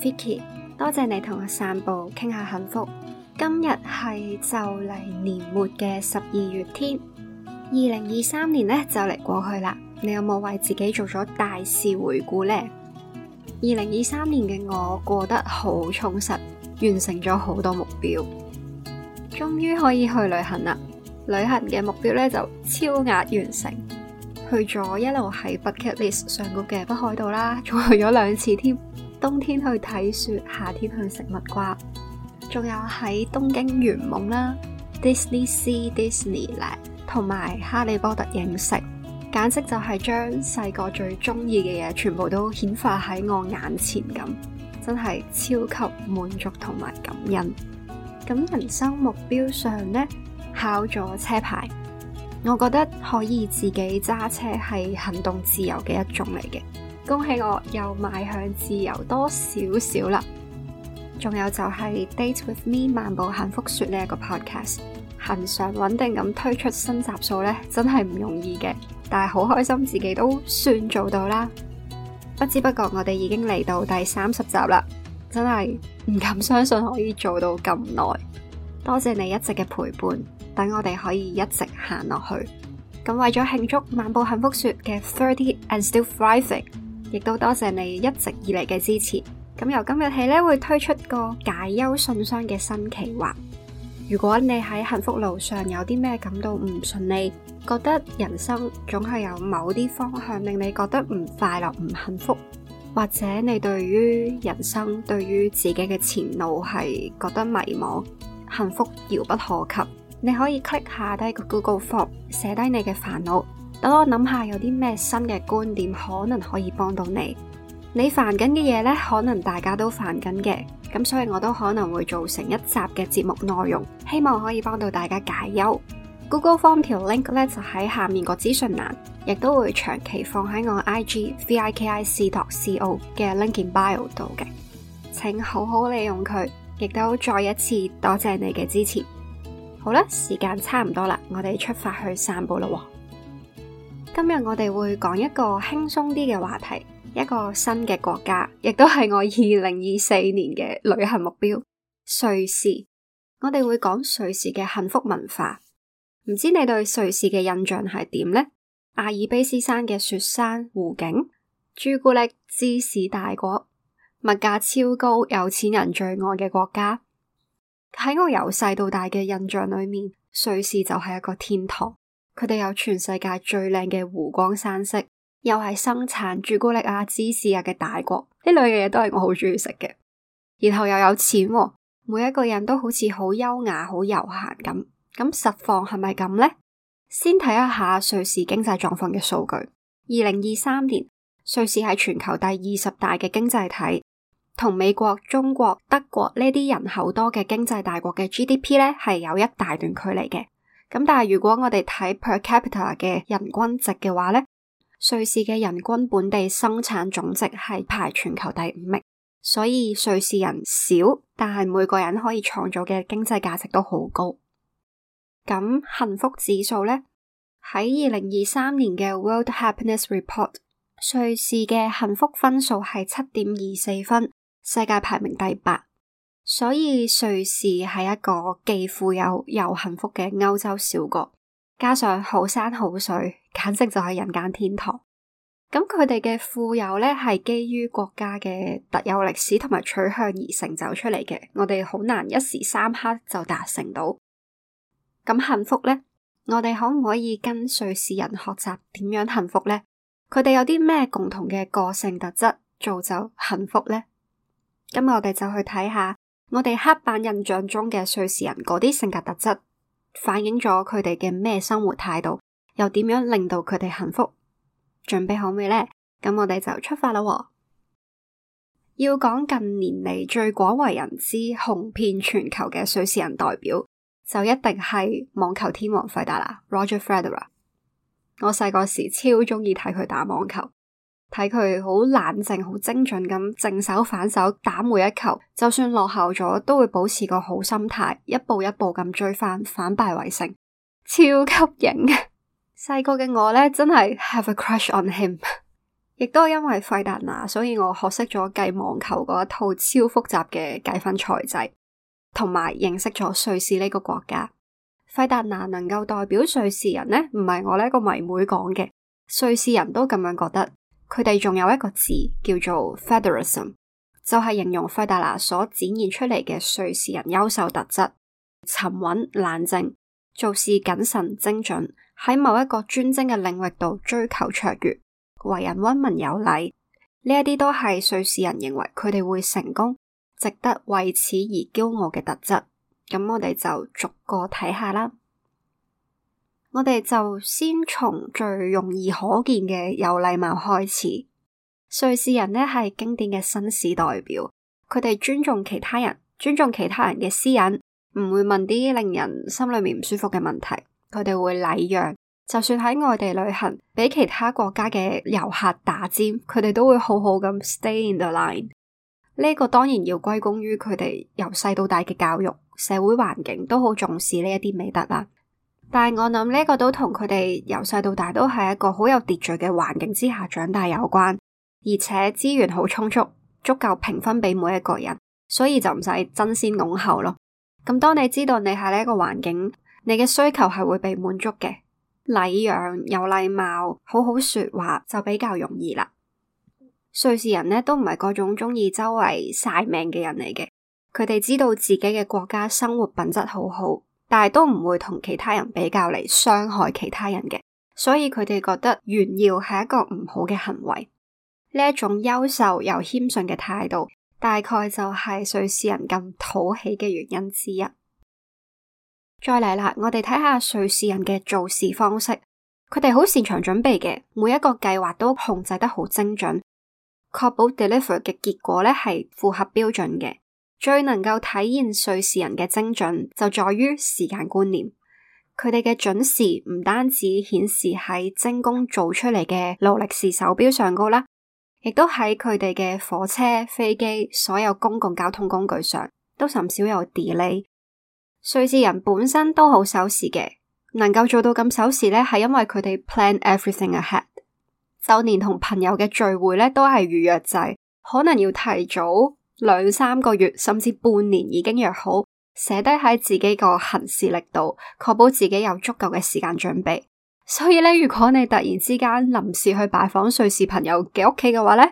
Vicky，多謝你同我散步，傾下幸福。今日係就嚟年末嘅十二月天，二零二三年呢就嚟過去啦。你有冇為自己做咗大事回顧呢？二零二三年嘅我過得好充實，完成咗好多目標，終於可以去旅行啦！旅行嘅目標咧就超額完成，去咗一路喺 bucket list 上高嘅北海道啦，仲去咗兩次添。冬天去睇雪，夏天去食蜜瓜，仲有喺東京圓夢啦，Disney Sea、Disney Land，同埋哈利波特影食，簡直就係將細個最中意嘅嘢全部都顯化喺我眼前咁，真係超級滿足同埋感恩。咁人生目標上呢，考咗車牌，我覺得可以自己揸車係行動自由嘅一種嚟嘅。恭喜我又邁向自由多少少啦。仲有就係 Date with me《漫步幸福雪》呢一個 podcast，恆常穩定咁推出新集數呢，真係唔容易嘅。但係好開心自己都算做到啦。不知不覺我哋已經嚟到第三十集啦，真係唔敢相信可以做到咁耐。多謝你一直嘅陪伴，等我哋可以一直行落去。咁為咗慶祝《漫步幸福雪》嘅 thirty and still thriving。亦都多謝你一直以嚟嘅支持。咁由今日起咧，會推出個解憂信箱嘅新企劃。如果你喺幸福路上有啲咩感到唔順利，覺得人生總係有某啲方向令你覺得唔快樂、唔幸福，或者你對於人生、對於自己嘅前路係覺得迷茫、幸福遙不可及，你可以 click 下低個 Google Form，寫低你嘅煩惱。等我諗下，有啲咩新嘅觀點可能可以幫到你。你煩緊嘅嘢呢，可能大家都煩緊嘅，咁所以我都可能會做成一集嘅節目內容，希望可以幫到大家解憂。Google Form 條 link 咧就喺下面個資訊欄，亦都會長期放喺我 IG VIKIC.CO 嘅 link in bio 度嘅，請好好利用佢。亦都再一次多謝你嘅支持。好啦，時間差唔多啦，我哋出發去散步啦。今日我哋會講一個輕鬆啲嘅話題，一個新嘅國家，亦都係我二零二四年嘅旅行目標——瑞士。我哋會講瑞士嘅幸福文化。唔知你對瑞士嘅印象係點呢？阿爾卑斯山嘅雪山湖景、朱古力、芝士大國、物價超高、有錢人最愛嘅國家。喺我由細到大嘅印象裏面，瑞士就係一個天堂。佢哋有全世界最靚嘅湖光山色，又係生產朱古力啊、芝士啊嘅大國，呢類嘅嘢都係我好中意食嘅。然後又有錢啊，每一個人都好似好優雅、好悠閒咁。咁實況係咪咁呢？先睇一下瑞士經濟狀況嘅數據。二零二三年，瑞士係全球第二十大嘅經濟體，同美國、中國、德國呢啲人口多嘅經濟大國嘅 GDP 咧係有一大段距離嘅。咁但係如果我哋睇 per capita 嘅人均值嘅話呢，瑞士嘅人均本地生產總值係排全球第五名，所以瑞士人少，但係每個人可以創造嘅經濟價值都好高。咁幸福指數呢，喺二零二三年嘅 World Happiness Report，瑞士嘅幸福分數係七點二四分，世界排名第八。所以瑞士係一個既富有又幸福嘅歐洲小國，加上好山好水，簡直就係人間天堂。咁佢哋嘅富有咧，係基於國家嘅特有歷史同埋取向而成就出嚟嘅我哋好難一時三刻就達成到。咁幸福咧，我哋可唔可以跟瑞士人學習點樣幸福咧？佢哋有啲咩共同嘅個性特質造就幸福咧？今日我哋就去睇下。我哋刻板印象中嘅瑞士人嗰啲性格特質，反映咗佢哋嘅咩生活態度，又點樣令到佢哋幸福？準備好未咧？咁我哋就出發啦、哦！要講近年嚟最廣為人知、紅遍全球嘅瑞士人代表，就一定係網球天王費達拿 （Roger Federer）。我細個時超中意睇佢打網球。睇佢好冷靜、好精準咁正手反手打每一球，就算落後咗，都會保持個好心態，一步一步咁追翻，反敗為勝，超級型。細個嘅我咧，真係 have a crush on him。亦 都係因為費達拿，所以我學識咗計網球嗰一套超複雜嘅計分賽制，同埋認識咗瑞士呢個國家。費達拿能夠代表瑞士人咧，唔係我呢個迷妹講嘅，瑞士人都咁樣覺得。佢哋仲有一個字叫做 Federalism，就係形容費達拿所展現出嚟嘅瑞士人優秀特質：沉穩、冷靜、做事謹慎、精準，喺某一個專精嘅領域度追求卓越，為人溫文有禮。呢一啲都係瑞士人認為佢哋會成功，值得為此而驕傲嘅特質。咁我哋就逐個睇下啦。我哋就先從最容易可見嘅有禮貌開始。瑞士人呢係經典嘅紳士代表，佢哋尊重其他人，尊重其他人嘅私隱，唔會問啲令人心裏面唔舒服嘅問題。佢哋會禮讓，就算喺外地旅行，畀其他國家嘅遊客打尖，佢哋都會好好咁 stay in the line。呢個當然要歸功於佢哋由細到大嘅教育，社會環境都好重視呢一啲美德啦。但係我諗呢個都同佢哋由細到大都係一個好有秩序嘅環境之下長大有關，而且資源好充足，足夠平分畀每一個人，所以就唔使爭先恐後咯。咁當你知道你喺呢個環境，你嘅需求係會被滿足嘅，禮讓有禮貌，好好說話就比較容易啦。瑞士人呢都唔係嗰種鍾意周圍晒命嘅人嚟嘅，佢哋知道自己嘅國家生活品質好好。但係都唔會同其他人比較嚟傷害其他人嘅，所以佢哋覺得炫耀係一個唔好嘅行為。呢一種優秀又謙遜嘅態度，大概就係瑞士人咁討喜嘅原因之一。再嚟啦，我哋睇下瑞士人嘅做事方式，佢哋好擅長準備嘅，每一個計劃都控制得好精準，確保 deliver 嘅結果咧係符合標準嘅。最能夠體現瑞士人嘅精準，就在於時間觀念。佢哋嘅準時唔單止顯示喺精工做出嚟嘅勞力士手錶上高啦，亦都喺佢哋嘅火車、飛機、所有公共交通工具上，都甚少有 delay。瑞士人本身都好守時嘅，能夠做到咁守時咧，係因為佢哋 plan everything ahead，就連同朋友嘅聚會咧都係預約制，可能要提早。兩三個月甚至半年已經約好，寫低喺自己個行事曆度，確保自己有足夠嘅時間準備。所以呢，如果你突然之間臨時去拜訪瑞士朋友嘅屋企嘅話呢，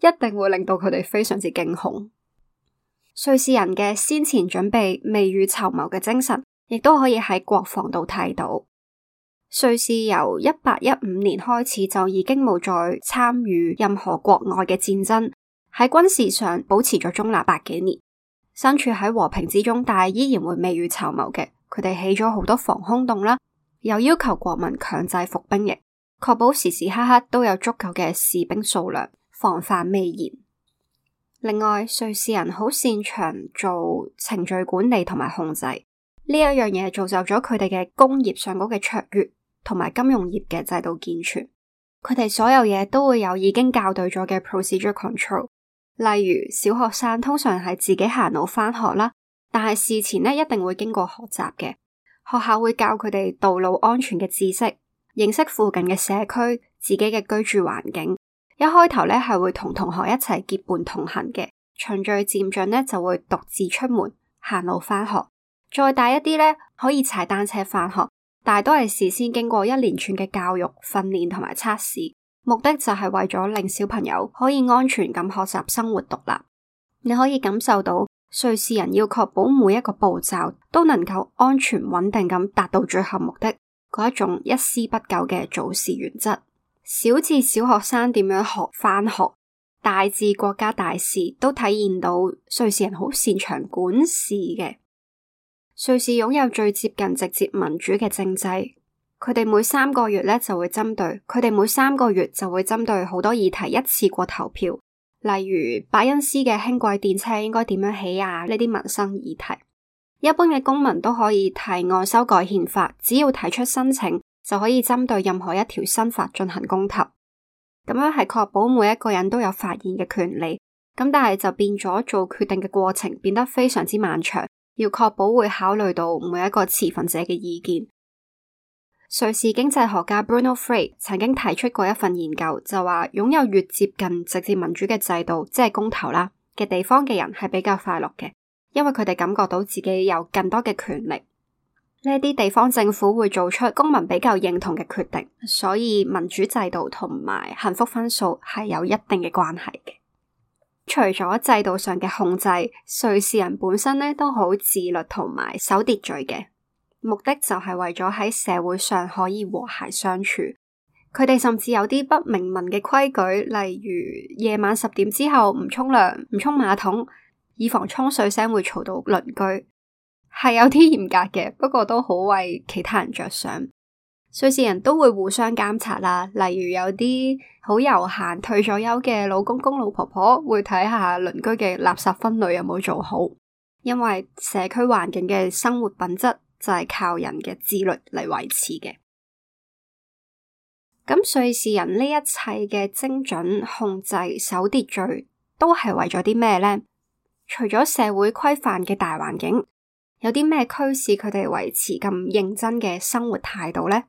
一定會令到佢哋非常之驚恐。瑞士人嘅先前準備、未雨綢繆嘅精神，亦都可以喺國防度睇到。瑞士由一八一五年開始就已經冇再參與任何國外嘅戰爭。喺軍事上保持咗中立百幾年，身處喺和平之中，但係依然會未雨綢繆嘅。佢哋起咗好多防空洞啦，又要求國民強制服兵役，確保時時刻刻都有足夠嘅士兵數量防範未然。另外，瑞士人好擅長做程序管理同埋控制呢一樣嘢，造就咗佢哋嘅工業上高嘅卓越同埋金融業嘅制度健全。佢哋所有嘢都會有已經校對咗嘅 procedure control。例如，小學生通常係自己行路返學啦，但係事前呢，一定會經過學習嘅。學校會教佢哋道路安全嘅知識，認識附近嘅社區、自己嘅居住環境。一開頭呢，係會同同學一齊結伴同行嘅，循序漸進呢，就會獨自出門行路返學。再大一啲呢，可以踩單車返學，大多係事先經過一連串嘅教育訓練同埋測試。目的就係為咗令小朋友可以安全咁學習生活獨立，你可以感受到瑞士人要確保每一個步驟都能夠安全穩定咁達到最後目的嗰一種一絲不苟嘅做事原則。小至小學生點樣學返學，大至國家大事，都體現到瑞士人好擅長管事嘅。瑞士擁有最接近直接民主嘅政制。佢哋每三個月呢就會針對，佢哋每三個月就會針對好多議題一次過投票，例如白恩斯嘅輕軌電車應該點樣起啊？呢啲民生議題，一般嘅公民都可以提案修改憲法，只要提出申請就可以針對任何一條新法進行公投。咁樣係確保每一個人都有發言嘅權利，咁但係就變咗做決定嘅過程變得非常之漫長，要確保會考慮到每一個持份者嘅意見。瑞士經濟學家 Bruno Frey 曾經提出過一份研究，就話擁有越接近直接民主嘅制度，即係公投啦嘅地方嘅人係比較快樂嘅，因為佢哋感覺到自己有更多嘅權力。呢一啲地方政府會做出公民比較認同嘅決定，所以民主制度同埋幸福分數係有一定嘅關係嘅。除咗制度上嘅控制，瑞士人本身咧都好自律同埋守秩序嘅。目的就係為咗喺社會上可以和諧相處，佢哋甚至有啲不明文嘅規矩，例如夜晚十點之後唔沖涼、唔沖馬桶，以防沖水聲會嘈到鄰居，係有啲嚴格嘅。不過都好為其他人着想，瑞士人都會互相監察啦、啊。例如有啲好悠閒退咗休嘅老公公、老婆婆會睇下鄰居嘅垃圾分類有冇做好，因為社區環境嘅生活品質。就係靠人嘅自律嚟維持嘅。咁瑞士人呢一切嘅精準控制、守秩序，都係為咗啲咩呢？除咗社會規範嘅大環境，有啲咩驅使佢哋維持咁認真嘅生活態度呢？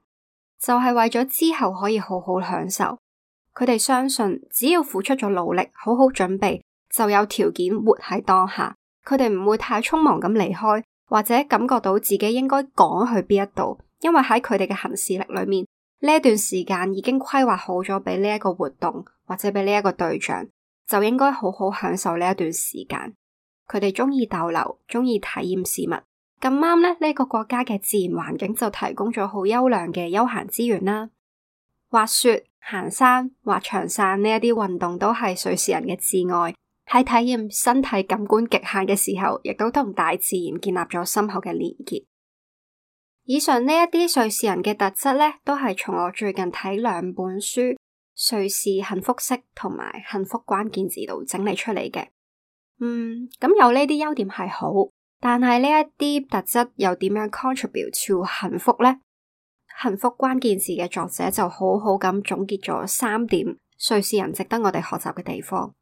就係、是、為咗之後可以好好享受。佢哋相信，只要付出咗努力，好好準備，就有條件活喺當下。佢哋唔會太匆忙咁離開。或者感覺到自己應該趕去邊一度，因為喺佢哋嘅行事曆裏面，呢一段時間已經規劃好咗俾呢一個活動或者俾呢一個對象，就應該好好享受呢一段時間。佢哋鍾意逗留，鍾意體驗事物。咁啱咧，呢個國家嘅自然環境就提供咗好優良嘅休閒資源啦。滑雪、行山、滑翔傘呢一啲運動都係瑞士人嘅摯愛。喺體驗身體感官極限嘅時候，亦都同大自然建立咗深厚嘅連結。以上呢一啲瑞士人嘅特質咧，都係從我最近睇兩本書《瑞士幸福式》同埋《幸福關鍵字》度整理出嚟嘅。嗯，咁有呢啲優點係好，但係呢一啲特質又點樣 contribute to 幸福咧？幸福關鍵字嘅作者就好好咁總結咗三點瑞士人值得我哋學習嘅地方。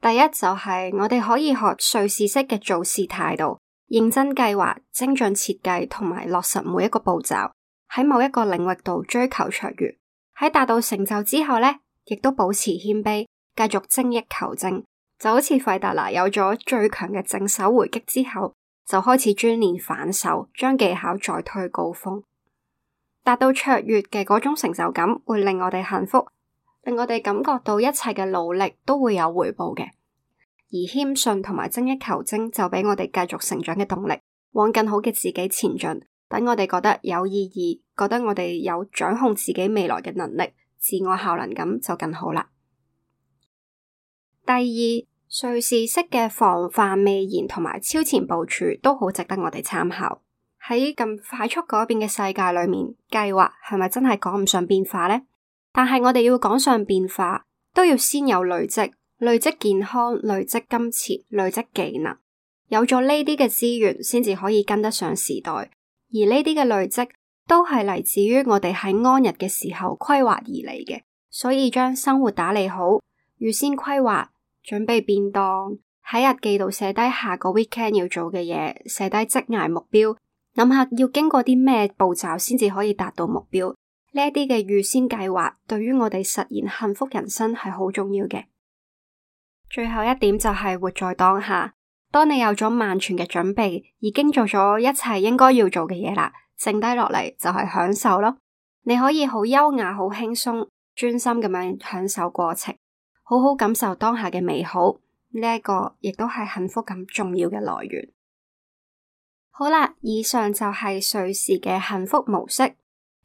第一就係我哋可以學瑞士式嘅做事態度，認真計劃、精準設計同埋落實每一個步驟。喺某一個領域度追求卓越，喺達到成就之後呢，亦都保持謙卑，繼續精益求精。就好似費達拿有咗最強嘅正手回擊之後，就開始專練反手，將技巧再推高峰。達到卓越嘅嗰種成就感，會令我哋幸福。令我哋感覺到一切嘅努力都會有回報嘅，而謙遜同埋精益求精就畀我哋繼續成長嘅動力，往更好嘅自己前進。等我哋覺得有意義，覺得我哋有掌控自己未來嘅能力，自我效能感就更好啦。第二，瑞士式嘅防範未然同埋超前部署都好值得我哋參考。喺咁快速改變嘅世界裏面，計劃係咪真係趕唔上變化呢？但係我哋要趕上變化，都要先有累積，累積健康、累積金錢、累積技能。有咗呢啲嘅資源，先至可以跟得上時代。而呢啲嘅累積，都係嚟自於我哋喺安逸嘅時候規劃而嚟嘅。所以將生活打理好，預先規劃，準備便當，喺日記度寫低下個 weekend 要做嘅嘢，寫低職涯目標，諗下要經過啲咩步驟先至可以達到目標。呢啲嘅預先計劃對於我哋實現幸福人生係好重要嘅。最後一點就係活在當下。當你有咗萬全嘅準備，已經做咗一切應該要做嘅嘢啦，剩低落嚟就係享受咯。你可以好優雅、好輕鬆、專心咁樣享受過程，好好感受當下嘅美好。呢一個亦都係幸福感重要嘅來源。好啦，以上就係瑞士嘅幸福模式。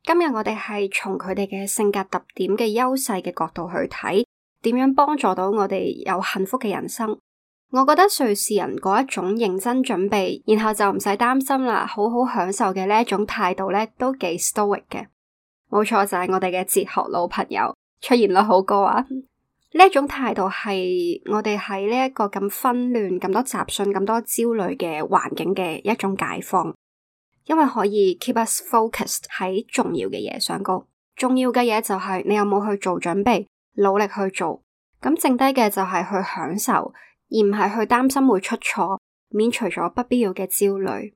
今日我哋係從佢哋嘅性格特點嘅優勢嘅角度去睇，點樣幫助到我哋有幸福嘅人生？我覺得瑞士人嗰一種認真準備，然後就唔使擔心啦，好好享受嘅呢一種態度咧，都幾 stoic 嘅。冇錯，就係我哋嘅哲學老朋友，出現率好高啊！呢 一種態度係我哋喺呢一個咁紛亂、咁多雜訊、咁多焦慮嘅環境嘅一種解放。因為可以 keep us focused 喺重要嘅嘢上高，重要嘅嘢就係你有冇去做準備，努力去做，咁剩低嘅就係去享受，而唔係去擔心會出錯，免除咗不必要嘅焦慮。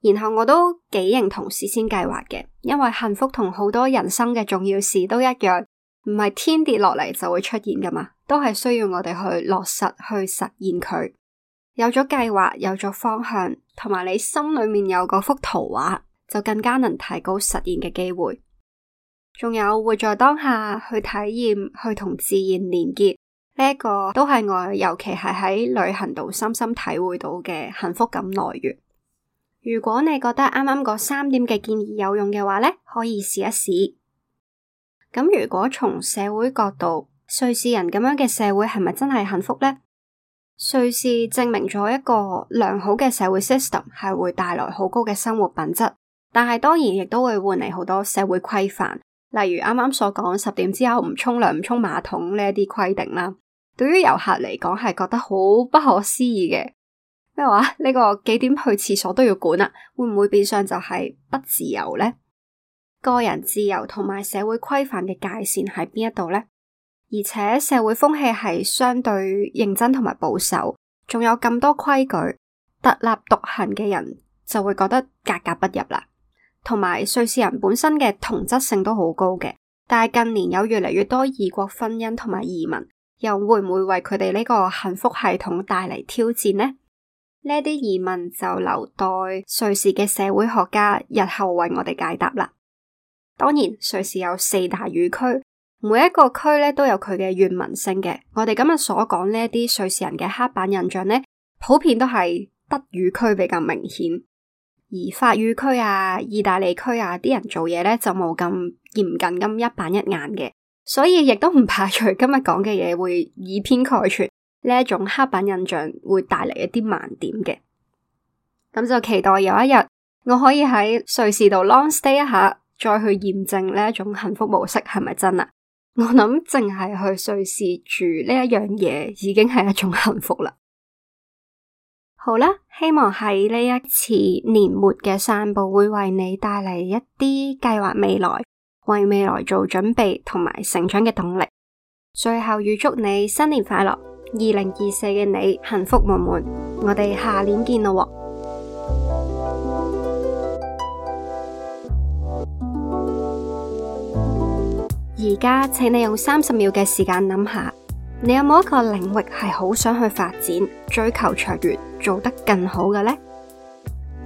然後我都幾認同事先計劃嘅，因為幸福同好多人生嘅重要事都一樣，唔係天跌落嚟就會出現㗎嘛，都係需要我哋去落實去實現佢。有咗計劃，有咗方向，同埋你心裏面有嗰幅圖畫，就更加能提高實現嘅機會。仲有活在當下去體驗，去同自然連結，呢一個都係我尤其係喺旅行度深深體會到嘅幸福感來源。如果你覺得啱啱嗰三點嘅建議有用嘅話呢，可以試一試。咁如果從社會角度，瑞士人咁樣嘅社會係咪真係幸福呢？瑞士證明咗一個良好嘅社會 system 係會帶來好高嘅生活品質，但係當然亦都會換嚟好多社會規範，例如啱啱所講十點之後唔沖涼唔沖馬桶呢一啲規定啦。對於遊客嚟講係覺得好不可思議嘅咩話？呢、啊，這個幾點去廁所都要管啦，啊，會唔會變相就係不自由呢？個人自由同埋社會規範嘅界綫喺邊一度呢？而且社會風氣係相對認真同埋保守，仲有咁多規矩，特立獨行嘅人就會覺得格格不入啦。同埋，瑞士人本身嘅同質性都好高嘅，但係近年有越嚟越多異國婚姻同埋移民，又會唔會為佢哋呢個幸福系統帶嚟挑戰呢？呢啲疑問就留待瑞士嘅社會學家日後為我哋解答啦。當然，瑞士有四大語區。每一個區咧都有佢嘅怨民生嘅，我哋今日所講呢啲瑞士人嘅刻板印象咧，普遍都係德語區比較明顯，而法語區啊、意大利區啊啲人做嘢咧就冇咁嚴謹咁一板一眼嘅，所以亦都唔排除今日講嘅嘢會以偏概全，呢一種刻板印象會帶嚟一啲盲點嘅，咁就期待有一日我可以喺瑞士度 long stay 一下，再去驗證呢一種幸福模式係咪真啊？我諗淨係去瑞士住呢一樣嘢，已經係一種幸福啦。好啦，希望喺呢一次年末嘅散步，會為你帶嚟一啲計劃未來、為未來做準備同埋成長嘅動力。最後預祝你新年快樂，二零二四嘅你幸福滿滿。我哋下年見啦喎！而家，請你用三十秒嘅時間諗下，你有冇一個領域係好想去發展、追求卓越、做得更好嘅呢？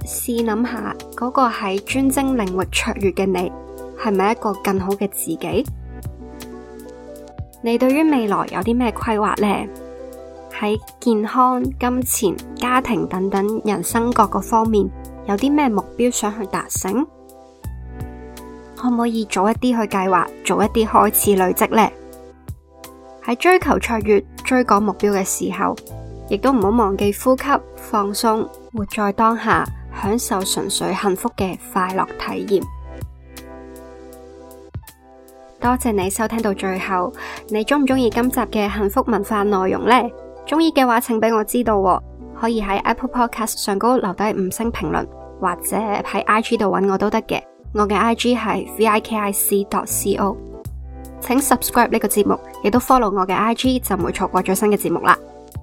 試諗下，嗰個喺專精領域卓越嘅你，係咪一個更好嘅自己？你對於未來有啲咩規劃呢？喺健康、金錢、家庭等等人生各個方面，有啲咩目標想去達成？可唔可以早一啲去計劃，早一啲開始累積呢？喺追求卓越、追趕目標嘅時候，亦都唔好忘記呼吸、放鬆、活在當下，享受純粹幸福嘅快樂體驗。多謝你收聽到最後，你鍾唔鍾意今集嘅幸福文化內容呢？鍾意嘅話，請俾我知道喎，可以喺 Apple Podcast 上高留低五星評論，或者喺 IG 度揾我都得嘅。我嘅 IG 係 vikic.co，請 subscribe 呢個節目，亦都 follow 我嘅 IG 就唔會錯過最新嘅節目啦。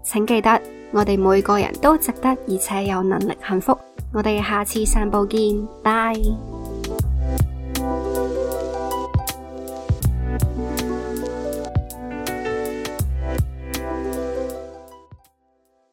請記得，我哋每個人都值得而且有能力幸福。我哋下次散步見，拜。